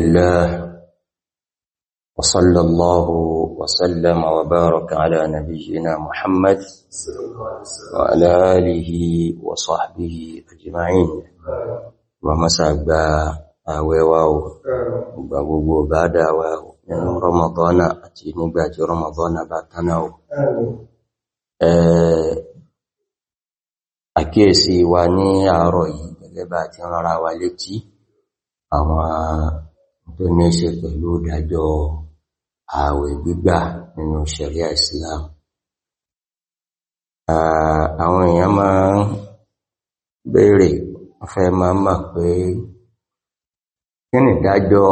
الله وصلى الله وسلم وبارك على نبينا محمد وعلى آله وصحبه أجمعين وما سعبا ويواو وبابو بادا واو من رمضان أتيني بات رمضان باتناو أكيسي واني أروي لباتنا راوالتي أما tó ní ṣe pẹ̀lú ìdájọ́ ààwẹ̀ gbígbà nínú ṣẹ̀ríà Islam àwọn èèyàn máa ń béèrè fẹ́ máa mọ̀ pé kí ni ìdájọ́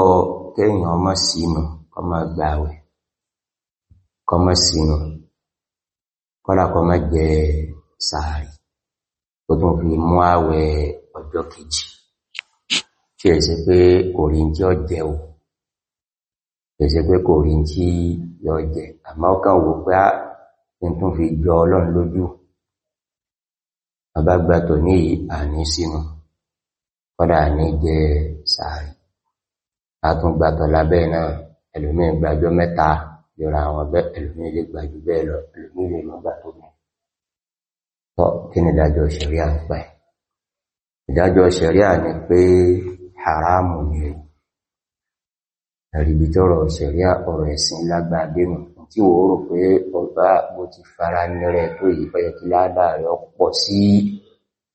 kéèyàn má sínú kó má gbààwẹ̀ kó má sínú kódà kó má jẹ sàárì tó tún fi mú ààwẹ̀ ọjọ́ kejì tí èsì pé kò rí tí ó jẹ o èsì pé kò rí tí yọ jẹ àmọ́ ọkàn wò pé á ní tún fi jọ ọlọ́run lójú àbágbàtò ní àní sínú kọ́dà àní jẹ sàárì àtúngbàtọ̀ lábẹ́ náà ẹlòmíì gbàjọ mẹ́ta yọra àwọn bẹ́ ẹlòmíì lè gbàjú bẹ́ẹ̀ lọ ẹlòmíì lè mọ́gbà tó mọ́ tọ́ kí ni ìdájọ́ ṣẹ̀ríà ń pẹ́ ìdájọ́ ṣẹ̀ríà pé haramu ni o ẹ̀rìbí tọ́rọ ṣẹ̀ríà ọ̀rọ̀ ẹ̀sìn lágbàdénù tí wò rò pé ọba bó ti fara nírẹ tó yìí fẹ́yẹ kí ládàá rẹ̀ sí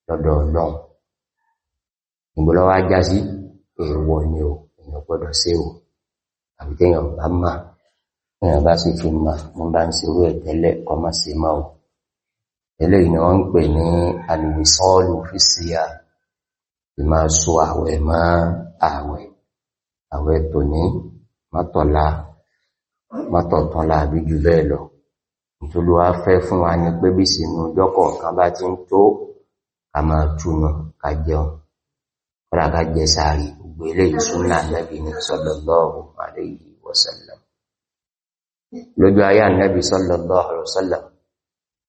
lọ́dọ̀ ọlọ́run ìgbọ́lọ́wọ́ ni o èèyàn gbọ́dọ̀ sí o àbí téèyàn bá mà téèyàn bá sì fi mà mo bá ń serú ẹ̀ tẹ́lẹ̀ kọ́ má sí mọ́ ìmá so àwẹ̀ mọ́ àwẹ̀ àwẹ̀ tò ní mọ́tọ̀lá mọ́tọ̀tọ̀lá àbí jù bẹ́ẹ̀ lọ ìtòlúwà fẹ́ fún wa ní pé bí sínú jọ́kọ̀ kan bá ti ń tó a máa túnà ká jẹun kọ́lá ká jẹ sàárì gbogbo ilé ìsúnlá nẹ́bí ní sallallahu alayhi wa sallam lójú ayá nẹ́bí sallallahu alayhi wa sallam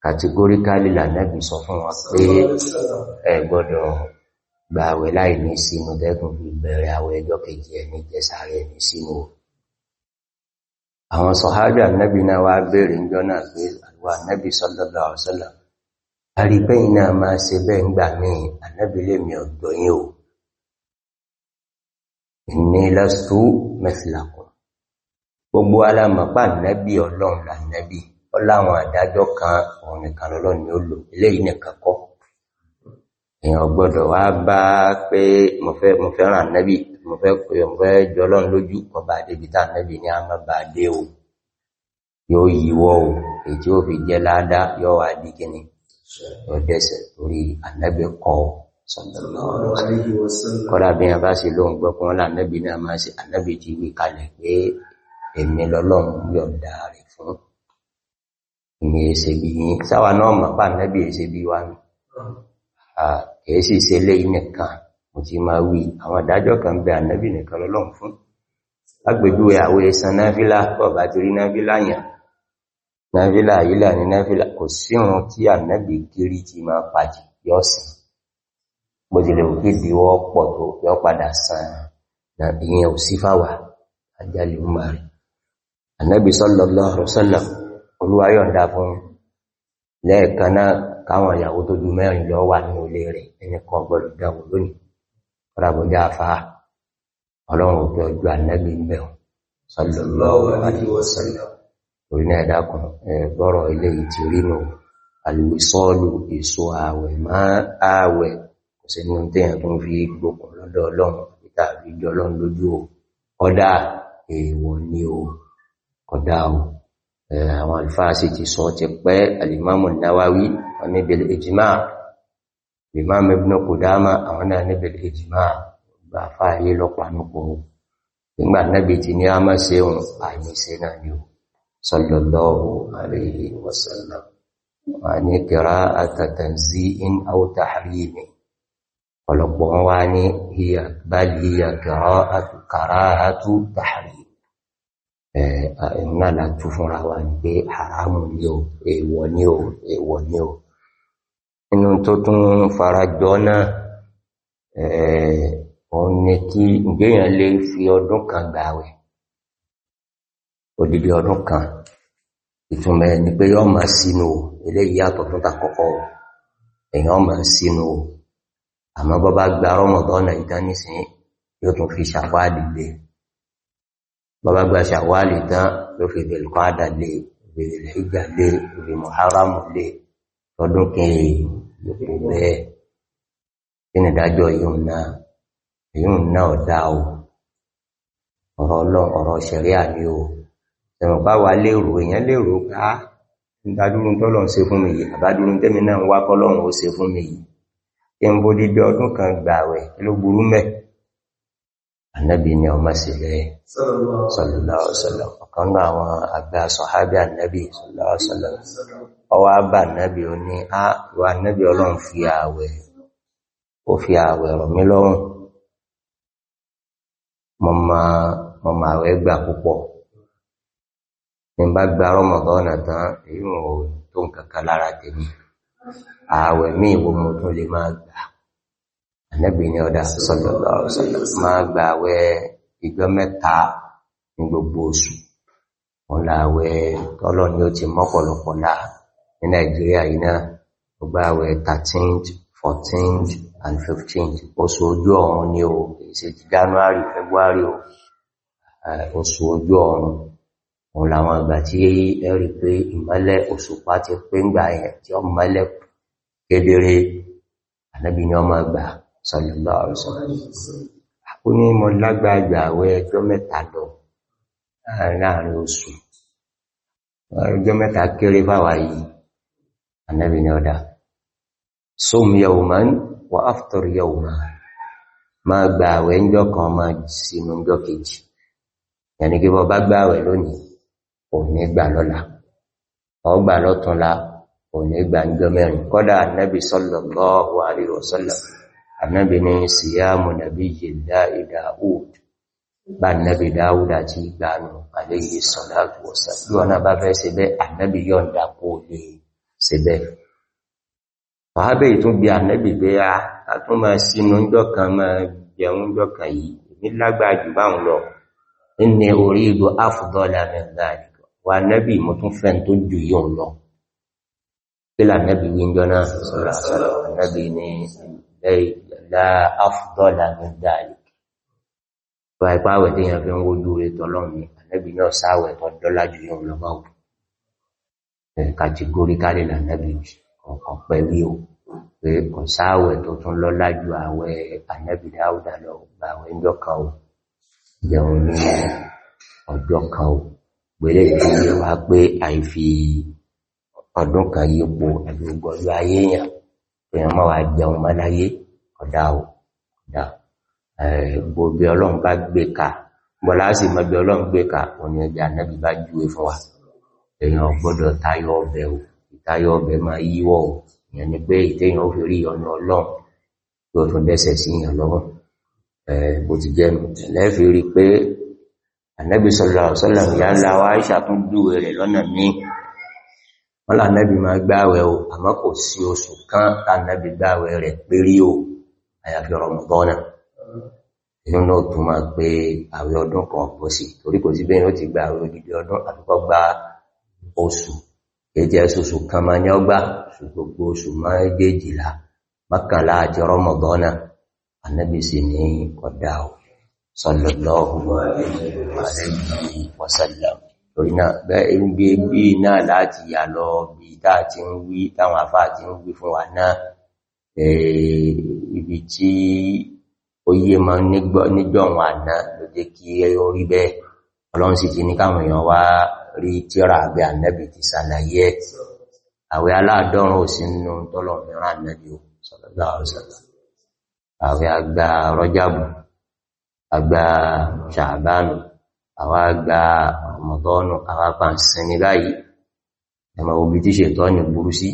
kàtígóríkálì là nẹ́bí fún wa pé ẹ gbọ́dọ̀ gbààwẹ̀ láì ní sínú tẹ́kùn fi bẹ̀rẹ̀ àwẹ̀ ẹjọ́ kejì ẹni jẹsàárẹ̀ ní sínú àwọn sọ̀hábí ànẹ́bì náà wá bèèrè ìjọ náà pé àwọn ànẹ́bì sọ́lọ́lọ́ ọ̀sọ́lọ́ àrígbẹ́yìn náà máa ṣe bẹ́ẹ̀ ń gbà mí lè mi ọ̀dọ̀ yín èèyàn gbọ́dọ̀ wá bá pé mo fẹ́ mo fẹ́ ràn nẹ́bì mo fẹ́ pé mo fẹ́ jọlọ́n lójú ọba débi tá nẹ́bì ní a má bá dé o yóò yíwọ́ o èyí tí ó fi jẹ́ láádá yóò wá di kíni yóò dẹ́sẹ̀ torí ànẹ́bì kọ́ kọ́dà bí wọn bá sì lóhun gbọ́ pé wọn là nẹ́bì náà máa ṣe ànẹ́bì ti wí kalẹ̀ pé èmi lọ́lọ́run yọ̀ǹda rẹ̀ fún ìmì èsè bí yín sáwa náà mọ̀ pà nẹ́bì èsè bí wa nù kìí sì ṣe lé nìkan mo ti máa wí àwọn ìdájọ́ kan bẹ ànábì nìkan lọ́lọ́run fún lágbèjúwe àwọn ẹ̀sán náfílà bọ̀bá ti rí náfílà yàn náfílà ìlà ní náfílà kò síhun tí ànábì kiri ti máa pàjì yọ́ sí bó ti lè kí di wọ́pọ̀ tó yọ́ padà san ìyẹn ò sí fáwà ajálì ń bàrí ànábì sallallahu alaihi wasallam olúwayọ̀ǹda fún lẹ́ẹ̀kan náà káwọn ìyàwó tó ju mẹ́rin lọ wà ní olè rẹ̀ ẹni kan gbọ́dọ̀ dáwò lónìí ọ̀rọ̀bọ̀dá àfá ọlọ́run òfin ọjọ́ ànábì ń bẹ̀rùn sallallahu alaihi wasallam torí náà dákùn ẹ̀bọ́rọ̀ ilé ìtì rínú alìwísọ́ọ̀lù èso ààwẹ̀ máa ààwẹ̀ kò sí ní tẹ́yàn tó ń fi gbókùn èèwọ̀ ni ó kọ̀dá ohun Eh, àwọn alfáàsì ti sọ ti pẹ́ alìmáàmù náwáwí wọn ní bèèrè ìjìmá ìmáàmù Ibn Qudama àwọn náà ní bèèrè ìjìmá gbà fàáyé lọ́pàánúkò nígbà náàbì ti ní a máa se ohun àìníṣe náà ni ó sallallahu alayhi ní náà la tú fúnra wa ní pé haramu ni o èèwọ̀ ni o èèwọ̀ ni o inú tó tún farajọ náà òun ni kí ìgbéyàn lè fi ọdún kan gbààwẹ̀ odidi ọdún kan ìtumọ̀ ni pé yọ́ ma sínú eléyìí yàtọ̀ fún takọ́kọ́ èyàn ma sínú àmọ́ bọ́bá gba rọmọdọ́nà ìdánisìn yóò tún fi ṣàfáà dìde bàbá gba ṣàwálì tán ló fi ìdè ìkọ́dà lè ìdè ìjà lè ìdè mọ̀háràmù lè lọ́dún kẹrin ipò bẹ́ẹ̀ kí ni ìdájọ́ yìí náà èyí náà dá o ọ̀rọ̀ ọlọ́run ọ̀rọ̀ ṣẹ̀ríà ni o ẹ̀rùn bá wa lérò èèyàn lérò ká ń dádúró ṣe fún mi yìí àbádúró tẹ́mi náà ń wá kọ́lọ́run ó ṣe fún mi yìí kí n bó dídé ọdún kan gbààwẹ̀ ló burú mẹ́ẹ̀ annabi ni ọmọ sílẹ̀ sallallahu sallam ọ̀kan náà àwọn àgbà sọ̀hábí annabi sallallahu sallam ọwá bá annabi o ní àwọn annabi ọlọ́run fi ààwẹ̀ ó fi ààwẹ̀ rọ̀ mí lọ́rùn mọ ma àwẹ̀ gbà púpọ̀ ní bá gba rọmọdọ́nà tán èyí wọn ò tó kan lára tèmi ààwẹ̀ míì wo mo tún lè máa gbà Ànábì ní ọ̀dá sallallahu alaihi wasallam máa gbààwẹ̀ ìjọ́ mẹ́ta ní gbogbo oṣù wọn láàwẹ̀ tọ́lọ̀ ni ó ti mọ́pọ̀lọpọ̀ láà ní Nàìjíríà yìí náà gbogbo àwẹ̀ 13th 14th and 15th oṣù ojú ọ̀run ni o èsì January February o oṣù ojú ọ̀run òun làwọn ìgbà tí ẹ̀rí pé ìmọ́lẹ̀ òṣùpá ti pé ń gbà yẹn tí ó mọ́lẹ̀ kedere Ànábì ni ọmọ gbà sallallahu alaihi wasallam ó ní mọ lágbàgbà àwẹ̀ ẹjọ́ mẹ́ta lọ láàrin oṣù ẹjọ́ mẹ́ta kéré fáwà yìí anẹ́bì ni ọ̀dá sum yawman wa aftar yawman ma gba àwẹ̀ ńjọ́ kan ma sínú ńjọ́ kejì yàní kí bọ́ bá gba àwẹ̀ lónìí ò ní gbà lọ́la ọgbà lọ́túnla ò ní gbà ńjọ́ mẹ́rin kọ́dà anẹ́bì sallallahu alaihi wasallam ànábì ní síyámù nàbí yìlá Dáúd bá nàbí Dáúdà tí gbánu aléyìí sọ̀láàtù wọ̀sá bí wọn bá fẹ́ ṣe bẹ́ ànábì yọ̀ǹda kó lè ṣe bẹ́ fàábẹ̀ ìtún gbé ànábì pé a tún máa sínú jọ́kan máa jẹun jọ́kan yìí ní lágbàájú báhùn lọ ní orí ìlú afdọ́lá mẹ́gbàájú wà nábì náà sọ́rọ̀ àṣọ́rọ̀ nábì ní lẹ́yìn la afdọ́là ní dáàlì wà ipá àwẹ̀ tí yàn fi ń wójú rẹ̀ tọ́lọ́mù ànẹ́bì náà sáwẹ̀ tọ́ dọ́là jù yàn lọ́gbà ò kàtígóríkálì lànẹ́bì ọ̀pẹ́ wí o pé kò sáwẹ̀ tó tún lọ́lá ju àwẹ̀ ànẹ́bì dáúdà lọ gbàwẹ̀ ń jọ́kan o jẹun ní ọjọ́ kan o gbélé ìdílé wa pé àìfi ọdún kan yípo àgbègbè ayé yàn èèyàn máa wà jẹun máa láyé ọ̀dá ò ọ̀dá gbogbo ọlọ́run bá gbé ka bọ́lá sì mọ́ bí ọlọ́run gbé ka òní ẹgbẹ́ ànábì bá júwe fún wa èèyàn gbọ́dọ̀ tayọ ọbẹ̀ ò ìtayọ ọbẹ̀ máa yíwọ́ ò ìyẹn ni pé ìtẹ́yàn ó fi rí ọ̀nà ọlọ́run tó tún dẹ́sẹ̀ sí ìyàn lọ́wọ́ bó ti jẹ́nu lẹ́fì rí pé ànábì sallallahu alaihi wasallam ìyá ńlá wa ṣàtún júwe rẹ̀ lọ́nà míì wọ́n lànàbì máa gbáwẹ̀ o àmọ́ sí oṣù kan lànàbì gbáwẹ̀ rẹ̀ pérí o àyàfi Ramadan inú náà tún máa pé àwẹ̀ ọdún kan ọ̀pọ̀ sí torí kò sí bẹ́ẹ̀ ó ti gba àwẹ̀ odidi ọdún àfikọ́ gba oṣù èjì ẹ̀sùsù kan máa ní ọgbà ṣùgbogbo oṣù máa jẹ́jìlá mọ́kànlá àti Ramadan Ànábì sì ní ọ̀dá sallallahu alaihi wasallam torí náà bẹ́ẹ̀ ń gbé bí náà láti yà lọ bí táà ti ń ibi tí ó yé ma nígbọ̀n àná ló jẹ́ kí ó rí bẹ́ẹ̀ ọlọ́run sì ti ní káwọn èèyàn wá rí tíra àbí ànẹ́bì ti sàlàyé ẹ̀ àwẹ́ aláàdọ́rùn ò sí nínú tọ́lọ̀ mìíràn ànẹ́bì ò sọ̀lọ́gbà ọ̀sọ̀lọ́ àwẹ́ àgbà rọ́jàbù àgbà ṣàbánù àwà àgbà ọmọdọ́nù àwà pàǹsìn báyìí ẹmọ̀ obi tí ṣètọ́ ní burú sí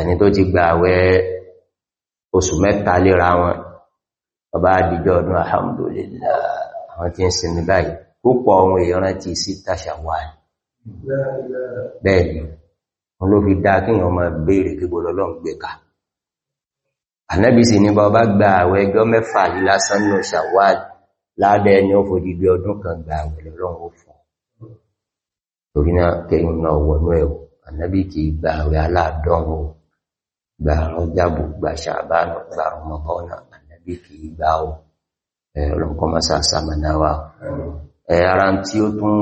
ẹni tó ti gba àwẹ́ oṣù mẹ́ta léra wọn bàbá àdìjọ ọdún alhamdulillah àwọn tí ń sinmi báyìí púpọ̀ ohun èèyàn ti sí tàṣàwàlì bẹ́ẹ̀ni wọn ló fi dá kíyàn máa béèrè kíbo lọ́lọ́n gbẹ̀ka ànábì sì ní bàbá gba àwẹ̀ ẹjọ́ mẹ́fà lásán ní gba rọ́jàbù gba ṣàbánà gba rọmọbọ́nà ànàbí fi gbá ọ ọlọ́nkọmọ́sá sàmànáwà ara tí ó tún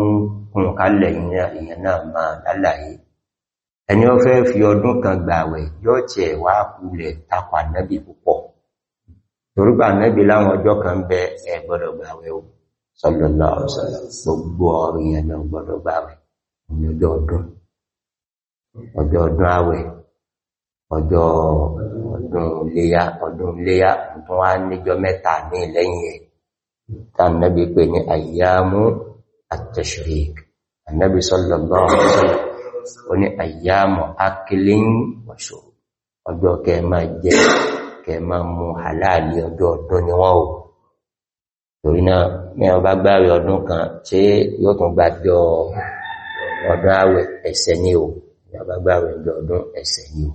kún kálẹ̀ ìyẹn náà máa lálàyé ẹni ó fẹ́ fi ọdún kan gbàwẹ̀ yóò tí ẹ̀ wá kulẹ̀ tapà nẹ́bì púpọ̀ torúgbà nẹ́bì láwọn ọjọ́ kan bẹ ẹ gbọ́dọ̀ gbàwẹ̀ o sallallahu alaihi wasallam gbogbo ọ̀rọ̀ ìyẹn náà gbọ́dọ̀ gbàwẹ̀ ọjọ́ ọdún àwẹ̀ ọjọ́ ọdún léyá ọdún léyá tó wá níjọ́ mẹ́ta ní lẹ́yìn ẹ̀ tánàbí pé ní àyàmú at-tashrik annabi sallallahu alaihi wasallam ó ní àyàmú akílín wàṣọ ọjọ́ kẹma jẹ kẹma mú halali ọjọ́ ọdún ni wọ́n ò torí náà ní ọba gbáre ọdún kan tí yóò tún gbájọ ọdún àwẹ̀ ẹ̀ṣẹ̀ ni ò ọba gbáre ọdún ẹ̀ṣẹ̀ ni ò